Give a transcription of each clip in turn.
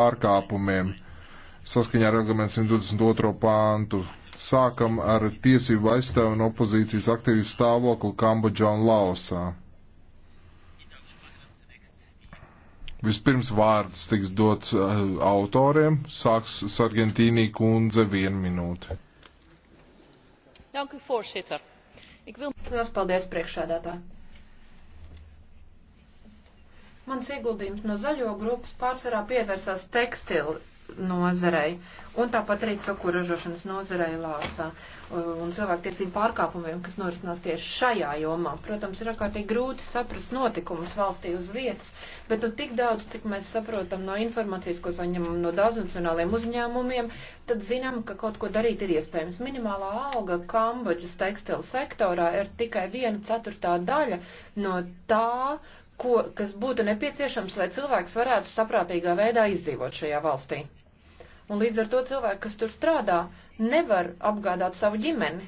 pārkāpumiem saskaņā ar reglamentu 122. pāntu. Sākam ar tiesību aizstāvu un opozīcijas aktīvu stāvokli Kambodžā un Laosā. Vispirms vārds tiks dots uh, autoriem. Sāks Sargentīnī kundze vienu minūti. Danku, voorzitter. Ik wil... Paldies, priekšādātā. Mans ieguldījums no zaļo grupas pārsvarā pievērsās tekstilu nozarei un tāpat arī cukuru ražošanas nozarei Lāsā uh, un cilvēktiesību pārkāpumiem, kas norisinās tieši šajā jomā. Protams, ir ārkārtīgi grūti saprast notikumus valstī uz vietas, bet nu tik daudz, cik mēs saprotam no informācijas, ko saņemam no daudznacionāliem uzņēmumiem, tad zinām, ka kaut ko darīt ir iespējams. Minimālā alga Kambodžas tekstila sektorā ir tikai viena ceturtā daļa no tā, ko, kas būtu nepieciešams, lai cilvēks varētu saprātīgā veidā izdzīvot šajā valstī. Un līdz ar to cilvēki, kas tur strādā, nevar apgādāt savu ģimeni.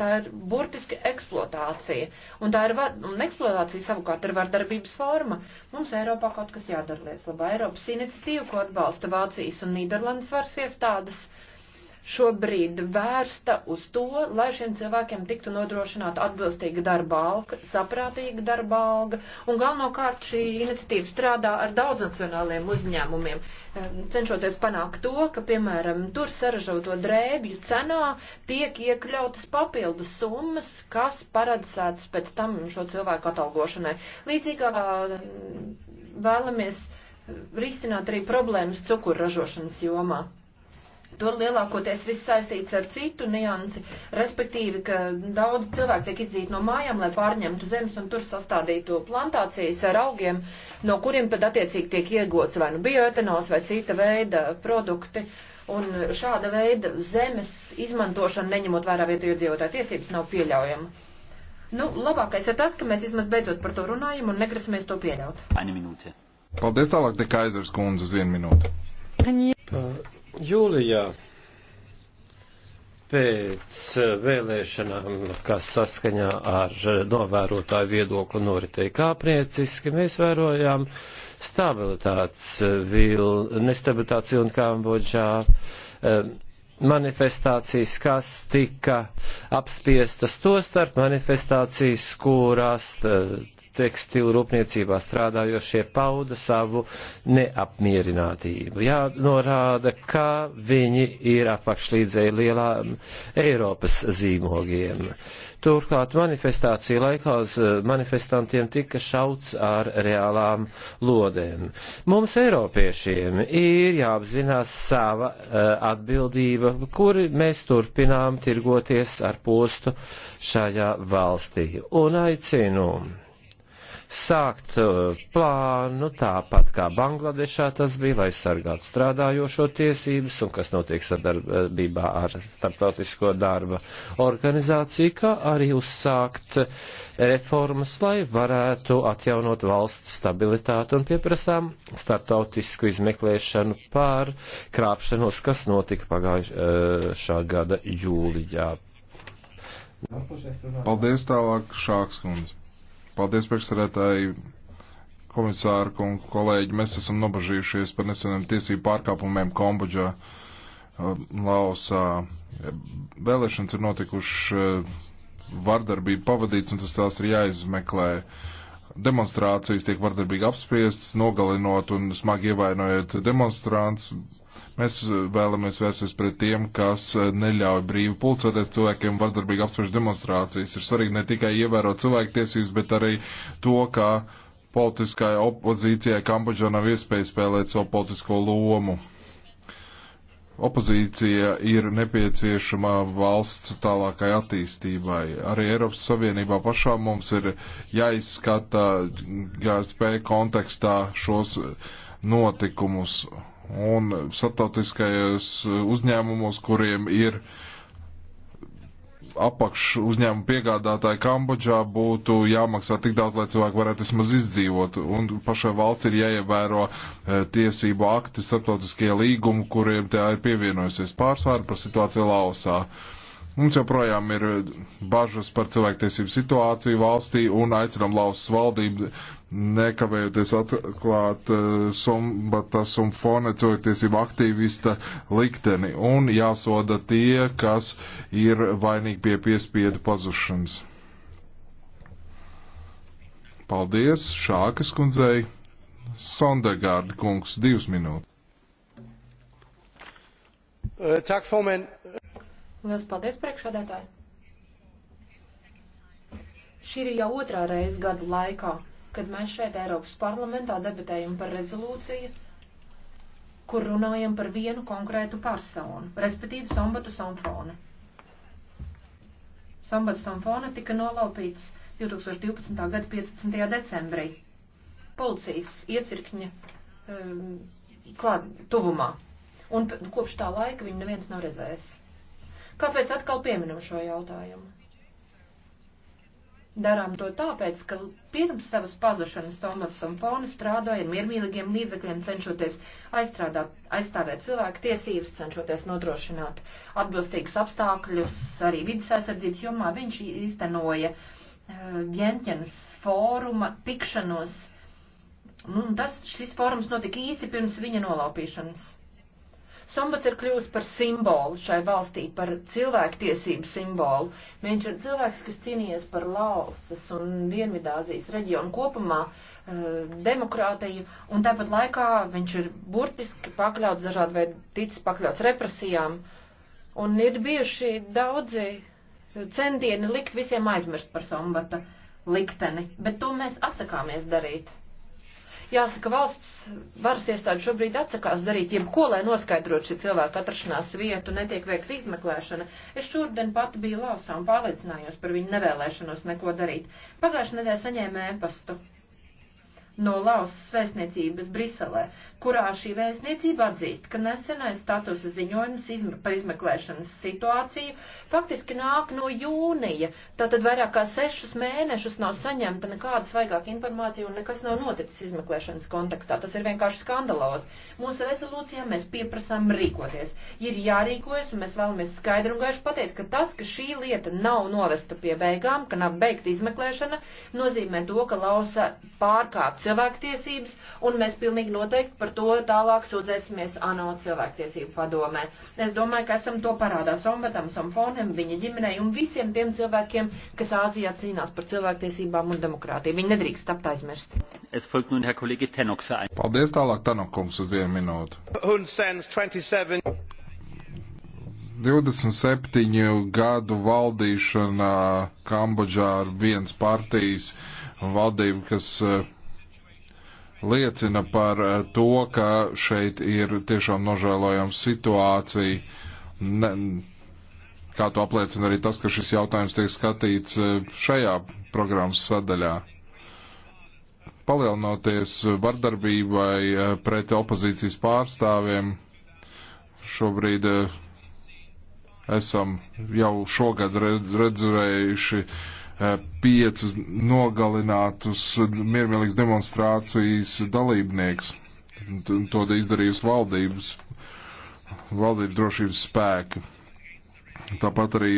Tā ir burtiski eksploatācija. Un, tā ir, un eksploatācija savukārt ir vardarbības forma. Mums Eiropā kaut kas jādara lietas labā. Eiropas iniciatīva, ko atbalsta Vācijas un Nīderlandes varas iestādes, uh, šobrīd vērsta uz to, lai šiem cilvēkiem tiktu nodrošināta atbilstīga darba alga, saprātīga darba alga, un galvenokārt šī iniciatīva strādā ar daudznacionāliem uzņēmumiem, cenšoties panākt to, ka, piemēram, tur saražoto drēbju cenā tiek iekļautas papildus summas, kas paredzētas pēc tam šo cilvēku atalgošanai. Līdzīgā vēlamies risināt arī problēmas cukurražošanas jomā tur lielākoties viss saistīts ar citu niansi, respektīvi, ka daudz cilvēku tiek izdzīti no mājām, lai pārņemtu zemes un tur sastādītu plantācijas ar augiem, no kuriem tad attiecīgi tiek iegots vai nu bioetanols vai cita veida produkti. Un šāda veida zemes izmantošana, neņemot vērā vietējo dzīvotāju tiesības, nav pieļaujama. Nu, labākais ir tas, ka mēs vismaz beidzot par to runājam un negrasamies to pieļaut. Paldies tālāk, te Kaizers kundze uz vienu minūtu. Paldies. Jūlijā pēc vēlēšanām, kas saskaņā ar novērotāju viedokli noritēja kāpnieciski, mēs vērojām stabilitātes vilni, nestabilitātes vilni Kambodžā, eh, manifestācijas, kas tika apspiestas to starp manifestācijas, kurās eh, tekstilu rūpniecībā strādājošie pauda savu neapmierinātību. Jānorāda, ka viņi ir apakšlīdzēji lielām Eiropas zīmogiem. Turklāt manifestācija laikā uz eh, manifestantiem tika šauts ar reālām lodēm. Mums, Eiropiešiem, ir jāapzinās sava uh, atbildība, kuri mēs turpinām tirgoties ar postu šajā valstī. Un aicinu sākt uh, plānu, tāpat kā Bangladešā tas bija, lai sargātu strādājošo tiesības un kas notiek sadarbībā ar starptautisko darba organizāciju, kā arī uzsākt reformas, lai varētu atjaunot valsts stabilitāti un pieprasām starptautisku izmeklēšanu pār krāpšanos, kas notika pagājušā uh, gada jūlijā. Paldies tālāk, Šāks kundze. Paldies, priekšsarētāji, komisāri un kolēģi. Mēs esam nobažījušies par neseniem tiesību pārkāpumiem Kambodžā, um, Laosā. Vēlēšanas ir notikušas uh, vardarbība pavadīts, un tas tās ir jāizmeklē. Demonstrācijas tiek vardarbīgi apspiestas, nogalinot un smagi ievainojot demonstrants. Mēs eh, vēlamies vērsties pret tiem, kas eh, neļauj brīvi pulcēties cilvēkiem, vardarbīgi apspriež demonstrācijas. Ir svarīgi ne tikai ievērot cilvēktiesības, bet arī to, ka politiskai opozīcijai Kambodžā nav iespēja spēlēt savu politisko lomu. Opozīcija ir nepieciešama valsts tālākai attīstībai. Arī Eiropas Savienībā pašā mums ir jāizskata GSP kontekstā šos notikumus un starptautiskajos uzņēmumos, kuriem ir apakš uzņēmumu piegādātāji Kambodžā būtu jāmaksā tik daudz, lai cilvēki varētu vismaz izdzīvot. Un pašai valsts ir jāievēro eh, tiesību akti, starptautiskie līgumi, kuriem tā ir pievienojusies pārsvaru par situāciju Laosā. Uh, Mums joprojām ir eh, bažas par cilvēktiesību situāciju valstī un aicinām Lausas valdību nekavējoties atklāt uh, eh, Sombatas un Fone cilvēktiesību aktīvista likteni un jāsoda tie, kas ir vainīgi pie piespiedu pazušanas. Paldies Šākas kundzei. Sondegārda kungs, divas minūtes. Uh, tak, formand. Liels paldies, priekšādētāji! Šī ir jau otrā reize gada laikā, kad mēs šeit Eiropas parlamentā debatējam par rezolūciju, kur runājam par vienu konkrētu personu, respektīvi Sombatu Sanfone. Sombatu Sanfone tika nolaupīts 2012. gada 15. decembrī policijas iecirkņa um, klāt, tuvumā. Un kopš tā laika viņu neviens nav redzējis. Kāpēc atkal pieminam šo jautājumu? Darām to tāpēc, ka pirms savas pazušanas Tomats un Pona strādāja ar miermīlīgiem līdzekļiem, cenšoties aizstāvēt cilvēku tiesības, cenšoties nodrošināt atbilstīgus apstākļus, arī vidas aizsardzības jomā viņš īstenoja eh, Vientjenas fóruma tikšanos. Nu, tas, šis fórums notika īsi pirms viņa nolaupīšanas. Sombats ir kļuvis par simbolu šai valstī, par cilvēktiesību simbolu. Viņš ir cilvēks, kas cīnījies par Laosas un Dienvidāzijas reģionu kopumā uh, demokrātiju, un tāpat laikā viņš ir burtiski pakļauts dažādu veidu ticis pakļauts represijām, un ir bijuši daudzi centieni likt visiem aizmirst par Sombata likteni, bet to mēs atsakāmies darīt. Jāsaka, valsts varas iestādi šobrīd atsakās darīt jebko, lai noskaidrotu šī cilvēka atrašanās vietu, netiek veikta izmeklēšana. Es šodien pati biju lausā un pārliecinājos par viņu nevēlēšanos neko darīt. Pagājušajā nedēļā saņēmu ēpastu no Lausas vēstniecības Briselē, kurā šī vēstniecība atzīst, ka nesenais statusa ziņojums izm par izmeklēšanas situāciju faktiski nāk no jūnija. Tātad vairāk kā sešus mēnešus nav saņemta nekāda svaigāka informācija un nekas nav noticis izmeklēšanas kontekstā. Tas ir vienkārši skandalos. Mūsu rezolūcijā mēs pieprasām rīkoties. Ir jārīkojas un mēs vēlamies skaidri un gaiši pateikt, ka tas, ka šī lieta nav novesta pie beigām, ka nav beigta izmeklēšana, nozīmē to, ka Lausa pārkāpts cilvēktiesības, un mēs pilnīgi noteikti par to tālāk sūdzēsimies ANO cilvēktiesību padomē. Es domāju, ka esam to parādā Sombatam, Somfonem, viņa ģimenei un visiem tiem cilvēkiem, kas Āzijā cīnās par cilvēktiesībām un demokrātiju. Viņi nedrīkst tapt aizmirst. Paldies tālāk, Tanokums, uz vienu minūtu. 27 gadu valdīšana Kambodžā ar viens partijas valdību, kas eh, liecina par eh, to, ka šeit ir tiešām nožēlojama situācija. Ne, kā to apliecina arī tas, ka šis jautājums tiek skatīts eh, šajā programmas sadaļā. Palielinoties vardarbībai eh, pret opozīcijas pārstāvjiem, šobrīd esam jau šogad redzējuši redz, Eh, piecus nogalinātus miermīlīgas demonstrācijas dalībniekus. To izdarījusi valdības, valdības drošības spēki. Tāpat arī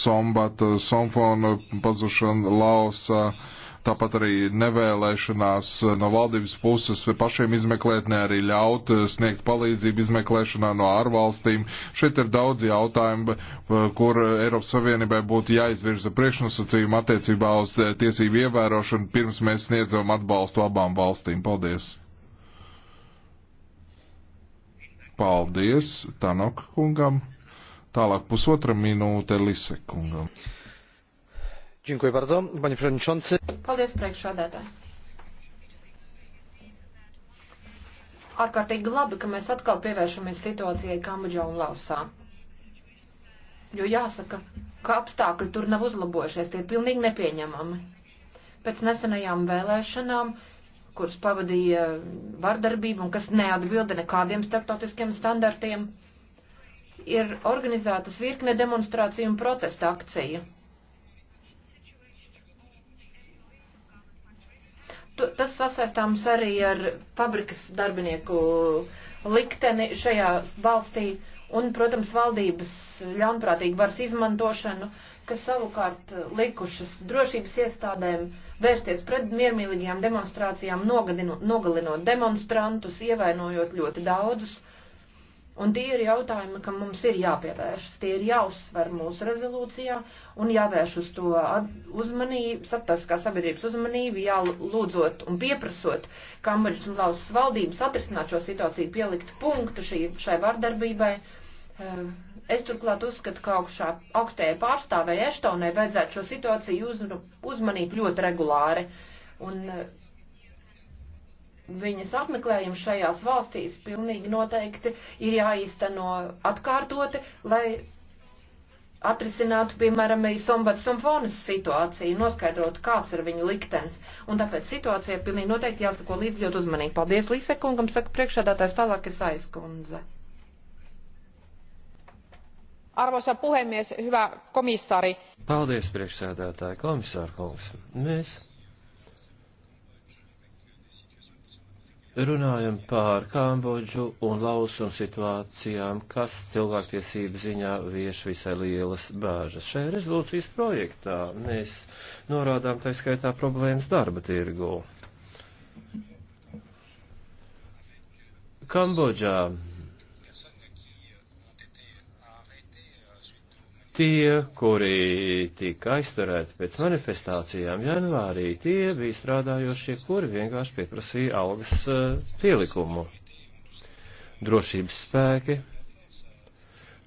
Sombata, Somfona pazušana, Lausa, uh, tāpat arī nevēlēšanās no valdības puses pašiem izmeklēt, ne arī ļaut eh, sniegt palīdzību izmeklēšanā no ārvalstīm. Šeit ir daudz jautājumu, eh, kur Eiropas Savienībai būtu jāizvirza priekšnosacījumi attiecībā uz eh, tiesību ievērošanu, pirms mēs sniedzam atbalstu abām valstīm. Paldies! Paldies Tanok kungam! Tālāk pusotra minūte Lise kungam. Paldies, priekšādētāji! ārkārtīgi labi, ka mēs atkal pievēršamies situācijai Kambodžā un Lausā. Jo jāsaka, ka apstākļi tur nav uzlabojušies, tie ir pilnīgi nepieņemami. Pēc nesenajām vēlēšanām, kuras pavadīja vardarbība un kas neatbilda nekādiem starptautiskiem standartiem, ir organizētas virkne demonstrāciju un protesta akcija tas sasaistāms arī ar fabrikas darbinieku likteni šajā valstī un, protams, valdības ļaunprātīgu varas izmantošanu, kas savukārt likušas drošības iestādēm vērsties pret miermīlīgajām demonstrācijām, nogalinot demonstrantus, ievainojot ļoti daudzus. Uh, Un tie ir jautājumi, kam mums ir jāpievēršas, tie ir jāuzsver mūsu rezolūcijā un jāvērš uz to uzmanību, saptaskā sabiedrības uzmanību, jālūdzot un pieprasot Kambodžas un Lausas valdības atrisināt šo situāciju, pielikt punktu šī, šai vardarbībai. Eh, es turklāt uzskatu, ka augšā augstējai pārstāvēji Eštonai vajadzētu šo situāciju uz, uzmanīt ļoti regulāri. Un eh, viņas apmeklējums šajās valstīs pilnīgi noteikti ir jāīsteno atkārtoti, lai atrisinātu, piemēram, arī Sombats Somfonas situāciju, noskaidrotu, kāds ir viņa liktenis. Un tāpēc situācija pilnīgi noteikti jāsako līdzi ļoti uzmanīgi. Paldies Līsekungam, saka priekšādātājs tālāk es aizkundze. Arvoisa puhemies, hyvä komissaari. Paldies priekšsēdētāji, komisārkungs. Mēs runājam par Kambodžu un Lausu un situācijām, kas cilvēktiesību ziņā vieš visai lielas bāžas. Šajā rezolūcijas projektā mēs norādām tā skaitā problēmas darba tirgu. Kambodžā tie, kuri tika aizturēti pēc manifestācijām janvārī, tie bija strādājošie, kuri vienkārši pieprasīja algas eh, pielikumu. Drošības spēki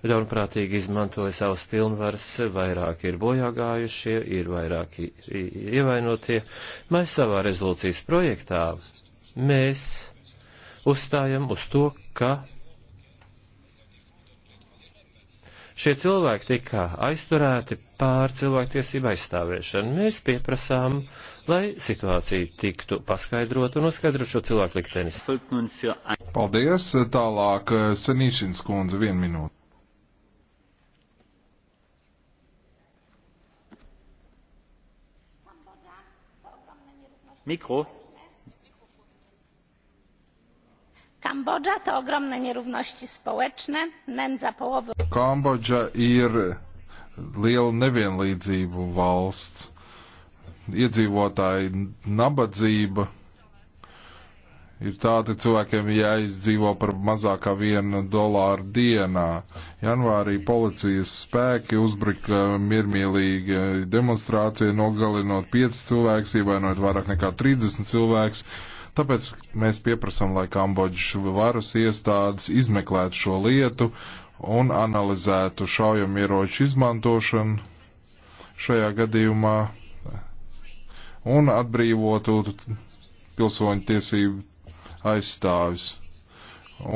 ļaunprātīgi izmantoja savas pilnvaras, vairāk ir bojā gājušie, ir vairāki ievainotie. Mēs savā rezolūcijas projektā mēs uzstājam uz to, ka Šie cilvēki tika aizturēti pār cilvēktiesību aizstāvēšanu. Mēs pieprasām, lai situācija tiktu paskaidrot un uzskaidrot šo cilvēku liktenis. Paldies, tālāk eh, Senīšins kundze, vienu minūti. Mikro. Kambodža to ogromne nierówności społeczne, nędza połowy. Kambodža ir liela nevienlīdzību valsts. Iedzīvotāji nabadzība ir tāda cilvēkiem jāizdzīvo par mazākā viena dolāra dienā. Janvārī policijas spēki uzbruka miermīlīgi demonstrācija, nogalinot 5 cilvēks, ievainojot vairāk nekā 30 cilvēks. Tāpēc mēs pieprasām, lai Kambodžas varas iestādes izmeklētu šo lietu un analizētu šaujamieroču izmantošanu šajā gadījumā un atbrīvotu pilsoņu tiesību aizstāvis.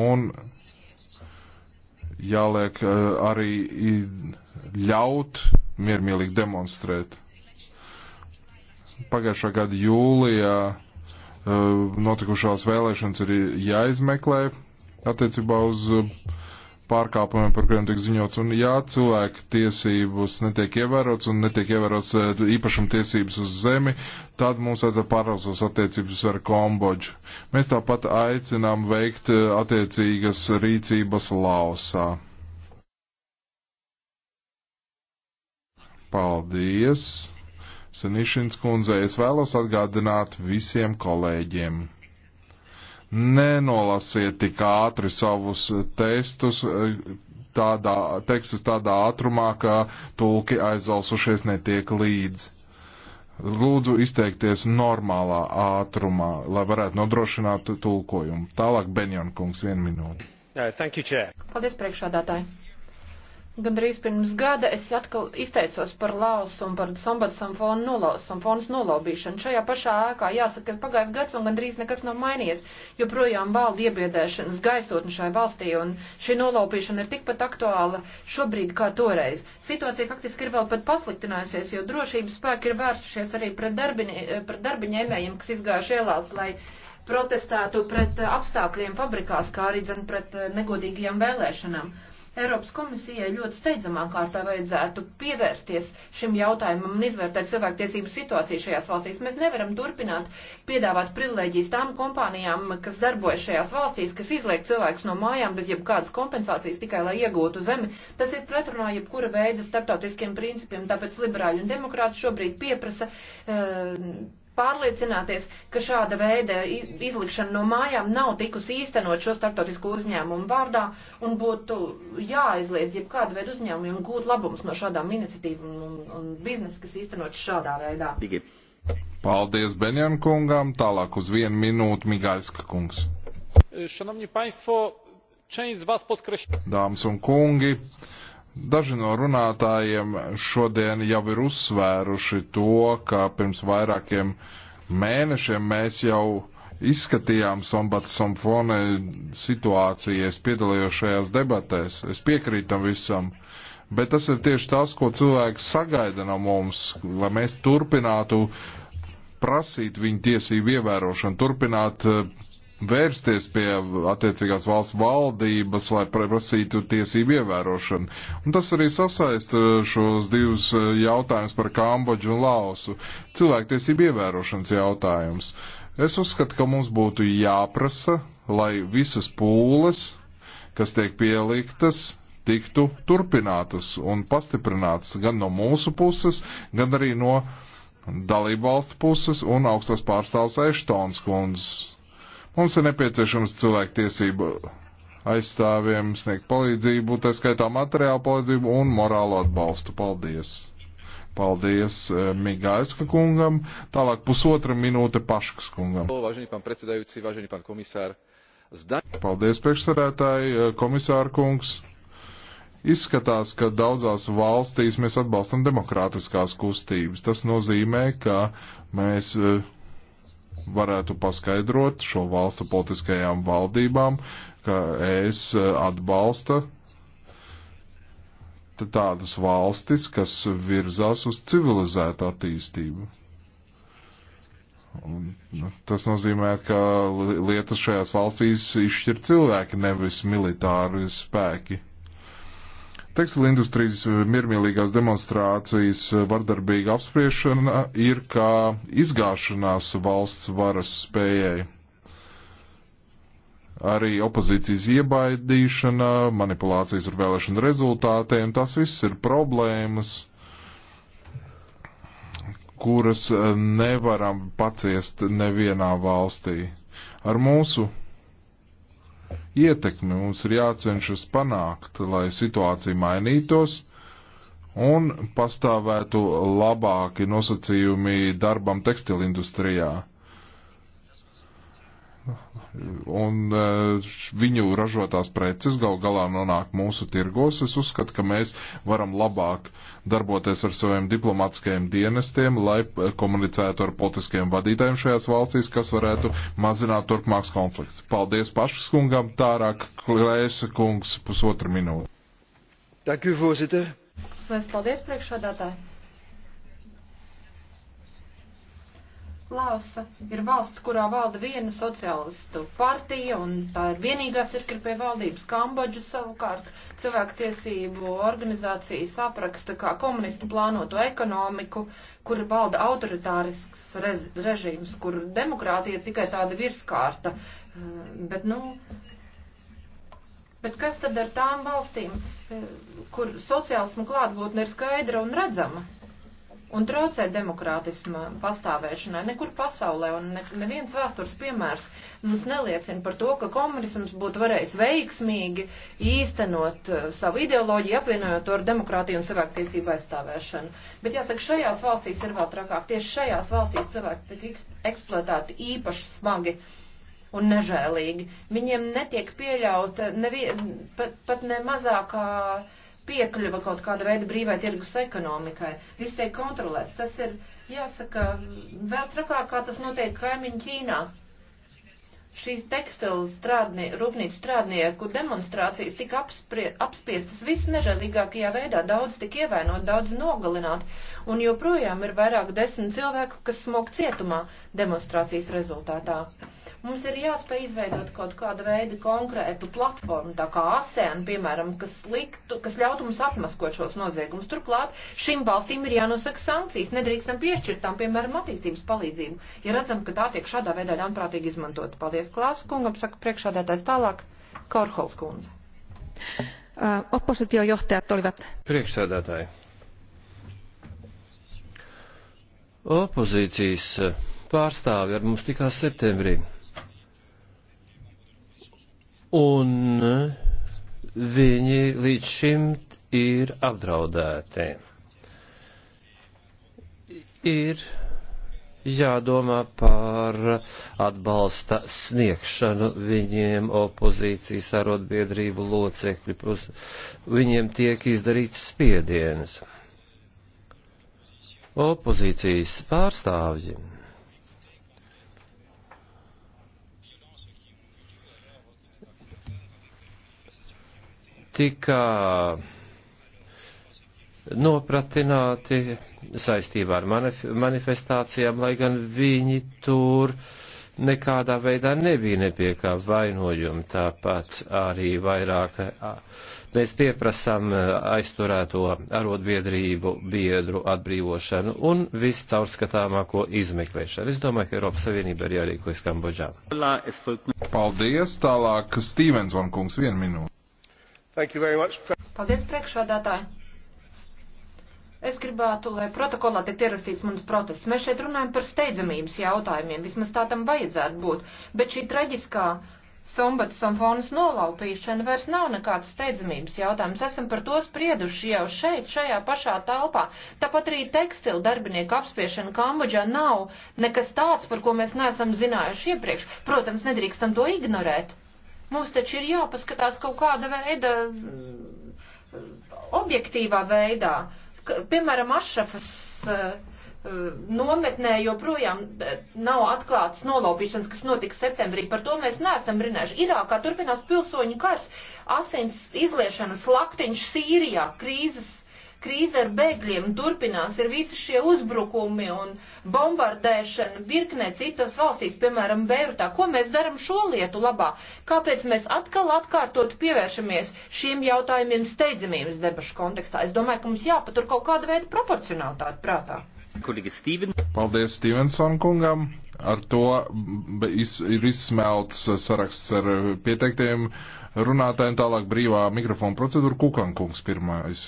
Un jāliek eh, arī ļaut miermīlīgi demonstrēt. Pagājušā gada jūlijā Eh, notikušās vēlēšanas ir jāizmeklē attiecībā uz eh, pārkāpumiem, par kuriem tiek ziņots. Un jā, cilvēku tiesības netiek ievērots un netiek ievērots eh, īpašuma tiesības uz zemi, tad mums vajadzētu pārausos attiecības ar Kambodžu. Mēs tāpat aicinām veikt attiecīgas rīcības Laosā. Paldies! Senišins kundzei. Es vēlos atgādināt visiem kolēģiem. Nenolasiet tik ātri savus testus, eh, tādā, tekstus tādā ātrumā, ka tulki aizalsušies netiek līdzi. Lūdzu izteikties normālā ātrumā, lai varētu nodrošināt tulkojumu. Tālāk Benjonkungs, vienu minūti. Thank you, Chair. Paldies, priekšādātāji. Gandrīz pirms gada es atkal izteicos par lausu un par sombatsamfonu nulau, nolaubīšanu. Šajā pašā ēkā jāsaka, ka pagājis gads un gandrīz nekas nav mainījies, jo projām valda iebiedēšanas gaisotni šai valstī un šī nolaupīšana ir tikpat aktuāla šobrīd kā toreiz. Situācija faktiski ir vēl pat pasliktinājusies, jo drošības spēki ir vēršušies arī pret, darbini, pret darbiņēmējiem, kas izgājuši ielās, lai protestētu pret apstākļiem fabrikās, kā arī dzen pret eh, negodīgajām vēlēšanām. Eiropas komisijai ļoti steidzamā kārtā vajadzētu pievērsties šim jautājumam un izvērtēt cilvēktiesību situāciju šajās valstīs. Mēs nevaram turpināt piedāvāt privileģijas tām kompānijām, kas darbojas šajās valstīs, kas izliek cilvēkus no mājām bez jebkādas kompensācijas tikai, lai iegūtu zemi. Tas ir pretrunā jebkura veida starptautiskiem principiem, tāpēc liberāļi un demokrāti šobrīd pieprasa. Uh, pārliecināties, ka šāda veida izlikšana no mājām nav tikusi īstenot šo starptautisku uzņēmumu vārdā un būtu jāaizliedz jebkāda veida uzņēmumiem gūt labumus no šādām iniciatīvām un, un biznesa, kas īstenot šādā veidā. Paldies Benjam kungam, tālāk uz vienu minūtu Migaļska kungs. Šanamņi paņstvo, čeņz vas podkreš... Dāmas un kungi, uh, Daži no runātājiem šodien jau ir uzsvēruši to, ka pirms vairākiem mēnešiem mēs jau izskatījām Sombata Somfone situāciju, es piedalījos šajās debatēs, es piekrītu tam visam, bet tas ir tieši tas, ko cilvēks sagaida no mums, lai mēs turpinātu prasīt viņu tiesību ievērošanu, turpināt uh, vērsties pie attiecīgās valsts valdības, lai prasītu tiesību ievērošanu. Un tas arī sasaista šos divus eh, jautājumus par Kambodžu un Laosu - cilvēktiesību ievērošanas jautājums. Es uzskatu, ka mums būtu jāprasa, lai visas pūles, kas tiek pieliktas, tiktu turpinātas un pastiprinātas gan no mūsu puses, gan arī no dalību valstu puses un augstās pārstāvs Eštons kundzes Mums ir nepieciešams cilvēktiesību aizstāvjiem sniegt palīdzību, tā skaitā materiālu palīdzību un morālo atbalstu. Paldies! Paldies eh, Migaiska kungam. Tālāk pusotra minūte Paškas kungam. Paldies priekšsarētāji, eh, komisāra kungs. Izskatās, ka daudzās valstīs mēs atbalstam demokrātiskās kustības. Tas nozīmē, ka mēs eh, varētu paskaidrot šo valstu politiskajām valdībām, ka es eh, atbalsta tādas valstis, kas virzās uz civilizētu attīstību. Un nu, tas nozīmē, ka lietas šajās valstīs izšķir cilvēki, nevis militāri spēki. Tekstila industrijas eh, miermīlīgās demonstrācijas eh, vardarbīga apspriešana ir kā izgāšanās valsts varas spējai. Arī opozīcijas iebaidīšana, manipulācijas ar vēlēšanu rezultātiem, tas viss ir problēmas, kuras eh, nevaram paciest nevienā valstī. Ar mūsu ietekmi. Mums ir jācenšas panākt, lai situācija mainītos un pastāvētu labāki nosacījumi darbam tekstilindustrijā un e, viņu ražotās preces gal galā nonāk mūsu tirgos. Es uzskatu, ka mēs varam labāk darboties ar saviem diplomatiskajiem dienestiem, lai e, komunicētu ar politiskiem vadītājiem šajās valstīs, kas varētu mazināt turpmāks konflikts. Paldies pašas kungam, tārāk Klēsa kungs pusotru minūti. Tā, Paldies, priekšādātāji! Laosa ir valsts, kurā valda viena sociālistu partija, un tā ir vienīgā sirkļa pie valdības. Kambodžu savukārt cilvēktiesību organizācijas apraksta kā komunistu plānoto ekonomiku, kur valda autoritārisks rez, režīms, kur demokrātija ir tikai tāda virskārta. Ehm, bet, nu, bet kas tad ar tām valstīm, eh, kur sociālismu klātbūtne ir skaidra un redzama? un traucē demokrātisma pastāvēšanai nekur pasaulē, un ne, neviens vēstures piemērs mums neliecina par to, ka komunisms būtu varējis veiksmīgi īstenot uh, savu ideoloģiju, apvienojot to ar demokrātiju un cilvēktiesību aizstāvēšanu. Bet jāsaka, šajās valstīs ir vēl trakāk. Tieši šajās valstīs cilvēki tiek eksploatēti īpaši smagi un nežēlīgi. Viņiem netiek pieļauta uh, nevi, pat, pat ne mazākā uh, piekļuva kaut kāda veida brīvai tirgus ekonomikai. Viss tiek kontrolēts. Tas ir, jāsaka, vēl trakāk, kā tas notiek kaimiņu Ķīnā. Šīs tekstilu strādnie, rūpnīcu strādnieku demonstrācijas tika apsprie, apspiestas visnežēlīgākajā veidā, daudz tika ievainot, daudz nogalināt, un joprojām ir vairāk desmit cilvēku, kas smog cietumā demonstrācijas rezultātā. Mums ir jāspēj izveidot kaut kādu veidu konkrētu platformu, tā kā ASEAN, piemēram, kas, liktu, kas ļautu mums atmaskot šos noziegumus. Turklāt šīm valstīm ir jānosaka sankcijas, nedrīkstam piešķirt tam, piemēram, attīstības palīdzību, ja redzam, ka tā tiek šādā veidā ļaunprātīgi izmantot. Paldies, Klāsa kungam, saka priekšādētājs tālāk, Korhols kundze. Uh, oppositiojohtajat olivat... Priekšsēdētāji. Opozīcijas pārstāvi ar mums tikās septembrī un viņi līdz šim ir apdraudēti. Ir jādomā par atbalsta sniegšanu viņiem opozīcijas arotbiedrību locekļi, plus viņiem tiek izdarīts spiedienas. Opozīcijas pārstāvjiem tika nopratināti saistībā ar manif manifestācijām, lai gan viņi tur nekādā veidā nebija nepiekā vainojumi. Tāpat arī vairāk mēs pieprasām aizturēto arotbiedrību biedru atbrīvošanu un viss caurskatāmāko izmeklēšanu. Es domāju, ka Eiropas Savienība ir jārīkojas Kambodžā. Paldies, tālāk Stīvensvankungs, vienu minūti. Paldies, priekšādātāji! Es gribētu, lai protokolā tiek ierakstīts mans protests. Mēs šeit runājam par steidzamības jautājumiem, vismaz tā tam vajadzētu būt. Bet šī traģiskā sombata somfonas nolaupīšana vairs nav nekāds steidzamības jautājums. Esam par to sprieduši jau šeit, šajā pašā telpā. Tāpat arī tekstila darbinieku apspiešana Kambodžā nav nekas tāds, par ko mēs neesam zinājuši iepriekš. Protams, nedrīkstam to ignorēt Mums taču ir jāpaskatās kaut kāda veida, mm, objektīvā veidā. Piemēram, Ašrafas mm, nometnē joprojām mm, nav atklātas nolaupīšanas, kas notiks septembrī. Par to mēs neesam brinājuši. Irākā turpinās pilsoņu kars, asins izliešanas laktiņš Sīrijā, krīzes krīze ar bēgļiem turpinās, ir visi šie uzbrukumi un bombardēšana virknē citos valstīs, piemēram, Beirutā. Ko mēs daram šo lietu labā? Kāpēc mēs atkal atkārtot pievēršamies šiem jautājumiem steidzamības debašu kontekstā? Es domāju, ka mums jāpatur kaut kāda veida proporcionalitāte prātā. Paldies Stevenson kungam. Ar to ir izsmelts saraksts ar pieteiktiem runātājiem. Tālāk brīvā mikrofona procedūra Kukankungs pirmais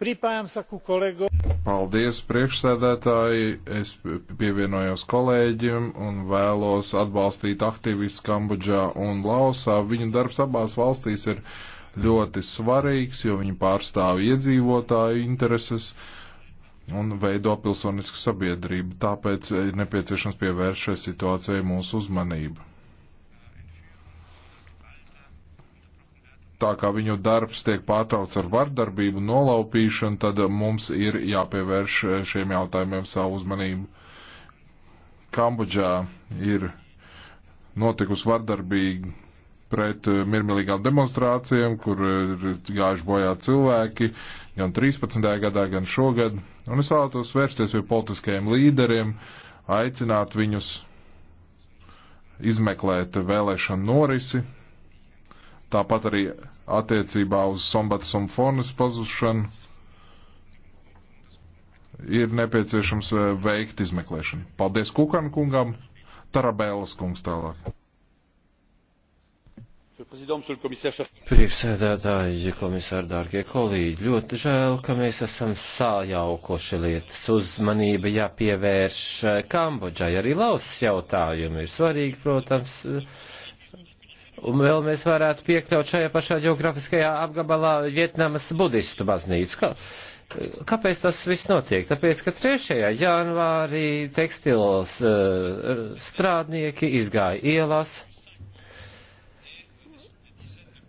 pripájam sa ku kolegom. Paldies, priekšsēdētāji. Es pievienojos kolēģiem un vēlos atbalstīt aktīvistus Kambodžā un Laosā. Viņu darbs abās valstīs ir ļoti svarīgs, jo viņi pārstāv iedzīvotāju intereses un veido pilsonisku sabiedrību. Tāpēc ir nepieciešams pievērst šai situācijai mūsu uzmanību. tā kā viņu darbs tiek pārtrauc ar vardarbību, nolaupīšanu, tad mums ir jāpievērš šiem jautājumiem savu uzmanību. Kambodžā ir notikusi vardarbīgi pret mirmīlīgām demonstrācijām, kur ir gājuši bojā cilvēki gan 13. gadā, gan šogad. Un es vēlētos vērsties pie politiskajiem līderiem, aicināt viņus izmeklēt vēlēšanu norisi, Tāpat arī attiecībā uz Sombatas un Fonas pazušanu ir nepieciešams e, veikt izmeklēšanu. Paldies Kukan kungam, Tarabēlas kungs tālāk. Priekšsēdētāji, komisāri, dārgie kolīģi, ļoti žēl, ka mēs esam sājaukoši lietas. Uzmanība jāpievērš Kambodžai. Arī lausas jautājumi ir svarīgi, protams. Uh, Un vēl mēs varētu piekļaut šajā pašā geografiskajā apgabalā Vietnamas budistu baznīcu. Kā, kāpēc tas viss notiek? Tāpēc, ka 3. janvārī tekstils eh, strādnieki izgāja ielās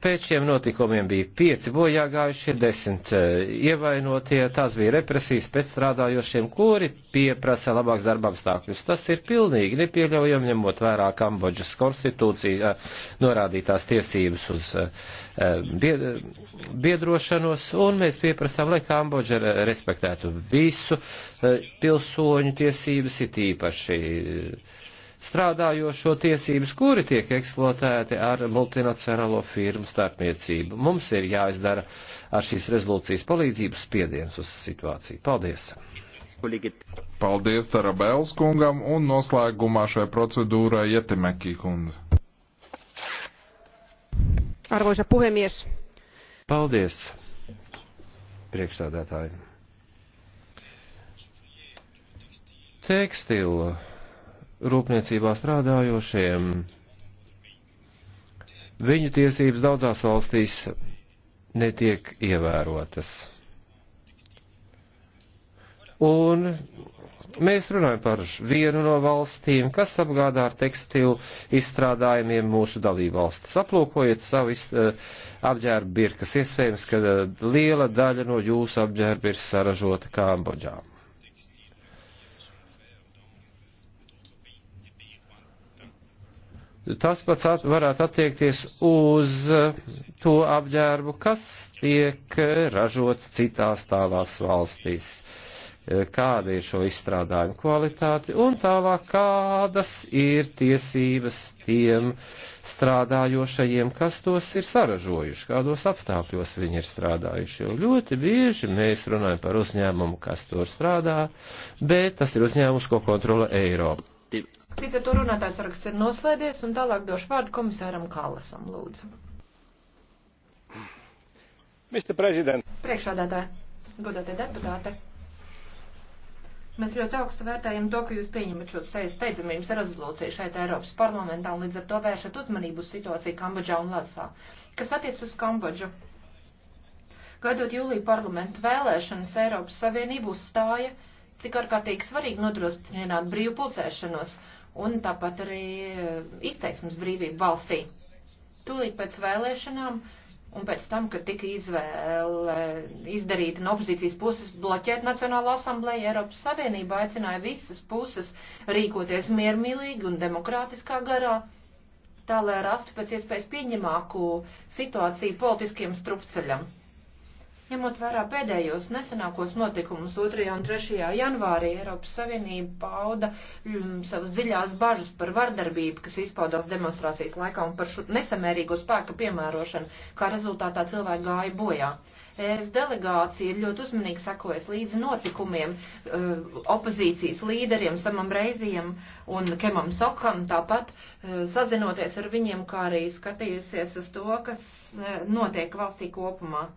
Pēc šiem notikumiem bija pieci bojāgājušie, desmit eh, ievainotie, tās bija represijas pēc strādājošiem, kuri pieprasa labāks darba apstākļus. Tas ir pilnīgi nepieļaujami, ņemot vērā Kambodžas konstitūcija eh, norādītās tiesības uz eh, biedrošanos, un mēs pieprasām, lai Kambodža respektētu visu pilsoņu tiesības, it īpaši strādājošo tiesības, kuri tiek eksploatēti ar multinacionālo firmu starpniecību. Mums ir jāizdara ar šīs rezolūcijas palīdzību spiediens uz situāciju. Paldies! Paldies Tarabēls kungam un noslēgumā šai procedūrai Jetemekī kundze. Arvoisa puhemies. Paldies, priekšstādātāji. Tekstilu rūpniecībā strādājošiem. Viņu tiesības daudzās valstīs netiek ievērotas. Un mēs runājam par vienu no valstīm, kas apgādā ar tekstilu izstrādājumiem mūsu dalībvalstis. Aplūkojiet savu eh, apģērbu birkas. Iespējams, ka eh, liela daļa no jūsu apģērba ir saražota Kambodžā. Tas pats at, varētu attiekties uz to apģērbu, kas tiek ražots citās tālās valstīs, kāda ir šo izstrādājumu kvalitāte un tālāk kādas ir tiesības tiem strādājošajiem, kas tos ir saražojuši, kādos apstākļos viņi ir strādājuši. Jo ļoti bieži mēs runājam par uzņēmumu, kas tur strādā, bet tas ir uzņēmums, ko kontrola Eiropa. Līdz ar to runātājs raksts ir noslēdies un tālāk došu vārdu komisāram Kālasam, lūdzu. Mr. President. Priekšādātāji, godātie deputāti. Mēs ļoti augstu vērtējam to, ka jūs pieņemat šo steidzamības rezolūciju šeit Eiropas parlamentā un līdz ar to vēršat uzmanību uz situāciju Kambodžā un Lasā. Kas attiec uz Kambodžu? Gaidot jūlija parlamentu vēlēšanas, Eiropas Savienība uzstāja, cik ārkārtīgi svarīgi nodrošināt brīvu pulcēšanos un tāpat arī eh, izteiksmes brīvību valstī. Tūlīt pēc vēlēšanām un pēc tam, kad tika izvēle izdarīta no opozīcijas puses bloķēt Nacionālo asamblēju, Eiropas Savienība aicināja visas puses rīkoties miermīlīgi un demokrātiskā garā, tā lai rastu pēc iespējas pieņemāku situāciju politiskiem strupceļam. Ņemot vērā pēdējos nesenākos notikumus 2. un 3. janvārī Eiropas Savienība pauda mm, savas dziļās bažas par vardarbību, kas izpaudās demonstrācijas laikā un par šo nesamērīgo spēku piemērošanu, kā rezultātā cilvēki gāja bojā. ES delegācija ir ļoti uzmanīgi sekojas līdz notikumiem, eh, opozīcijas līderiem, Samam Reizijam un Kemam Sokam, tāpat eh, sazinoties ar viņiem, kā arī skatījusies uz to, kas eh, notiek valstī kopumā.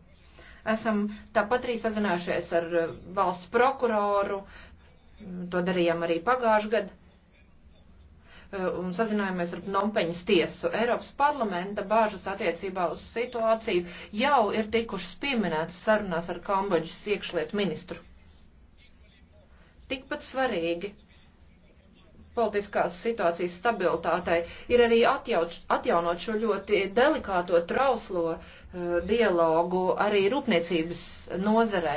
Esam tāpat arī sazinājušies ar eh, valsts prokuroru, mm, to darījām arī pagājušajā gadā eh, un sazinājāmies ar Nompeņas tiesu. Eiropas parlamenta bāžas attiecībā uz situāciju jau ir tikušas pieminētas sarunās ar Kambodžas iekšlietu ministru. Tikpat svarīgi politiskās situācijas stabilitātei, ir arī atjauč, atjaunot šo ļoti delikāto, trauslo uh, dialogu arī rūpniecības nozarē.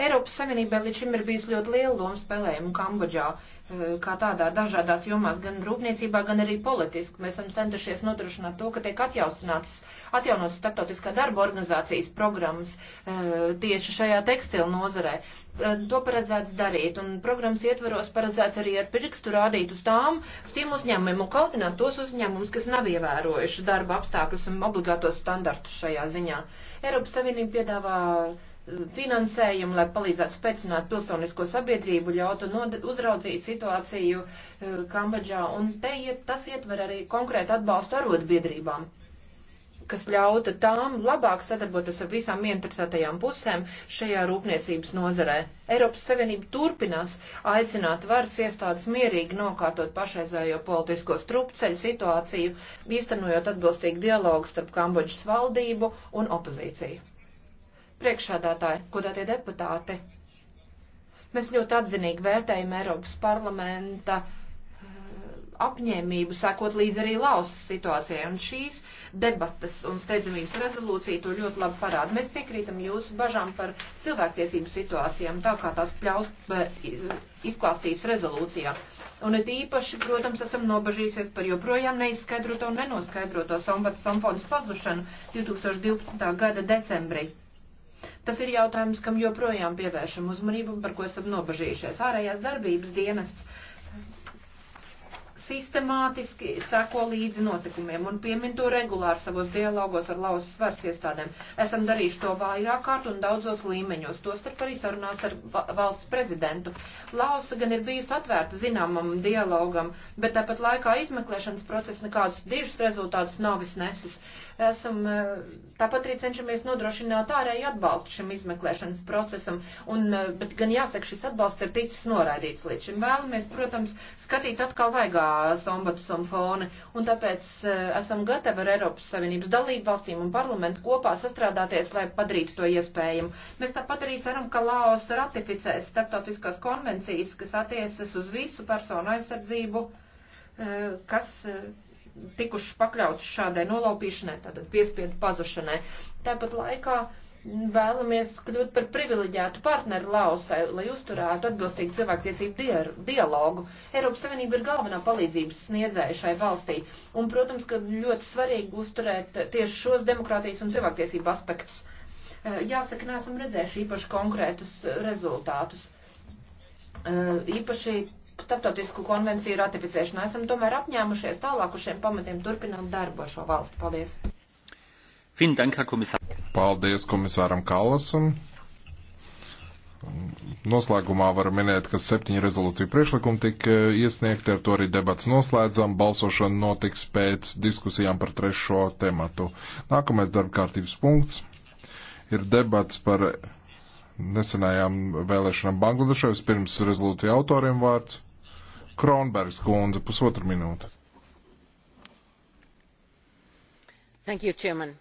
Eiropas Savienībai līdz šim ir bijis ļoti liela loma spēlējuma Kambodžā. Uh, Eh, kā tādā dažādās jomās, gan rūpniecībā, gan arī politiski. Mēs esam centušies nodrošināt to, ka tiek atjaunināts, atjaunotas starptautiskā darba organizācijas programmas eh, tieši šajā tekstilu nozarē. Eh, to paredzēts darīt, un programmas ietveros paredzēts arī ar pirkstu rādīt uz tām, uz tiem uzņēmumiem un kautināt tos uzņēmumus, kas nav ievērojuši darba apstākļus un obligātos standartus šajā ziņā. Eiropas Savienība piedāvā finansējumu, lai palīdzētu spēcināt pilsonisko sabiedrību, ļautu uzraudzīt situāciju e, Kambodžā. Un te iet, tas ietver arī konkrētu atbalstu arotbiedrībām kas ļauta tām labāk sadarboties ar visām interesētajām pusēm šajā rūpniecības nozarē. Eiropas Savienība turpinās aicināt varas iestādes mierīgi nokārtot pašreizējo politisko strupceļu situāciju, īstenojot atbilstīgu dialogu starp Kambodžas valdību un opozīciju. Priekšādātāji, godātie deputāti, mēs ļoti atzinīgi vērtējam Eiropas parlamenta eh, apņēmību sekot līdz arī lausas situācijai, un šīs debatas un steidzamības rezolūcija to ļoti labi parāda. Mēs piekrītam jūsu bažām par cilvēktiesību situācijām, tā kā tās pļaus izklāstīts rezolūcijā. Un it īpaši, protams, esam nobažījušies par joprojām neizskaidroto un nenoskaidroto sombatas somfonas pazušanu 2012. gada decembrī. Tas ir jautājums, kam joprojām pievēršam uzmanību un par ko esam nobažījušies. Ārējās darbības dienests sistemātiski seko līdzi notikumiem un piemin to regulāri savos dialogos ar lausas svars iestādēm. Esam darījuši to vairāk kārt un daudzos līmeņos, tostarp arī sarunās ar valsts prezidentu. Lausa gan ir bijusi atvērta zināmam dialogam, bet tāpat laikā izmeklēšanas process nekādus dižus rezultātus nav visnesis. Esam eh, tāpat arī cenšamies nodrošināt ārēju atbalstu šim izmeklēšanas procesam, un, eh, bet gan jāsaka, šis atbalsts ir ticis noraidīts līdz šim. Vēlamies, protams, skatīt atkal vaigā sombatusam fona, un tāpēc eh, esam gatavi ar Eiropas Savienības dalību valstīm un parlamentu kopā sastrādāties, lai padarītu to iespējamu. Mēs tāpat arī ceram, ka Laos ratificēs starptautiskās konvencijas, kas attiecas uz visu personu aizsardzību, eh, kas eh, tikuši pakļauts šādai nolaupīšanai, tātad piespiedu pazušanai. Tāpat laikā vēlamies kļūt par privileģētu partneru lausai, lai uzturētu atbilstīgu cilvēktiesību dialogu. Eiropas Savienība ir galvenā palīdzības sniedzēja šai valstī. Un, protams, ka ļoti svarīgi uzturēt tieši šos demokrātijas un cilvēktiesību aspektus. Eh, jāsaka, neesam redzējuši īpaši konkrētus eh, rezultātus. Eh, īpaši starptautisku konvenciju ratificēšanā esam tomēr apņēmušies tālāk uz šiem pamatiem turpināt darbu ar šo valstu. Paldies! Paldies komisāram Kallasam. Noslēgumā var minēt, ka septiņi rezolūciju priekšlikumi tika eh, iesniegti, ar to arī debats noslēdzam. Balsošana notiks pēc diskusijām par trešo tematu. Nākamais darba kārtības punkts ir debats par nesenajām vēlēšanām Bangladešā. Vispirms rezolūcija autoriem vārds Kronbergs kundze, pusotru minūtu. Thank you, Chairman.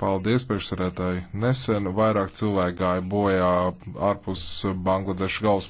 Paldies, priekšsarētāji. Nesen vairāk cilvēku gāja bojā ārpus Bangladešas galvaspilsētas.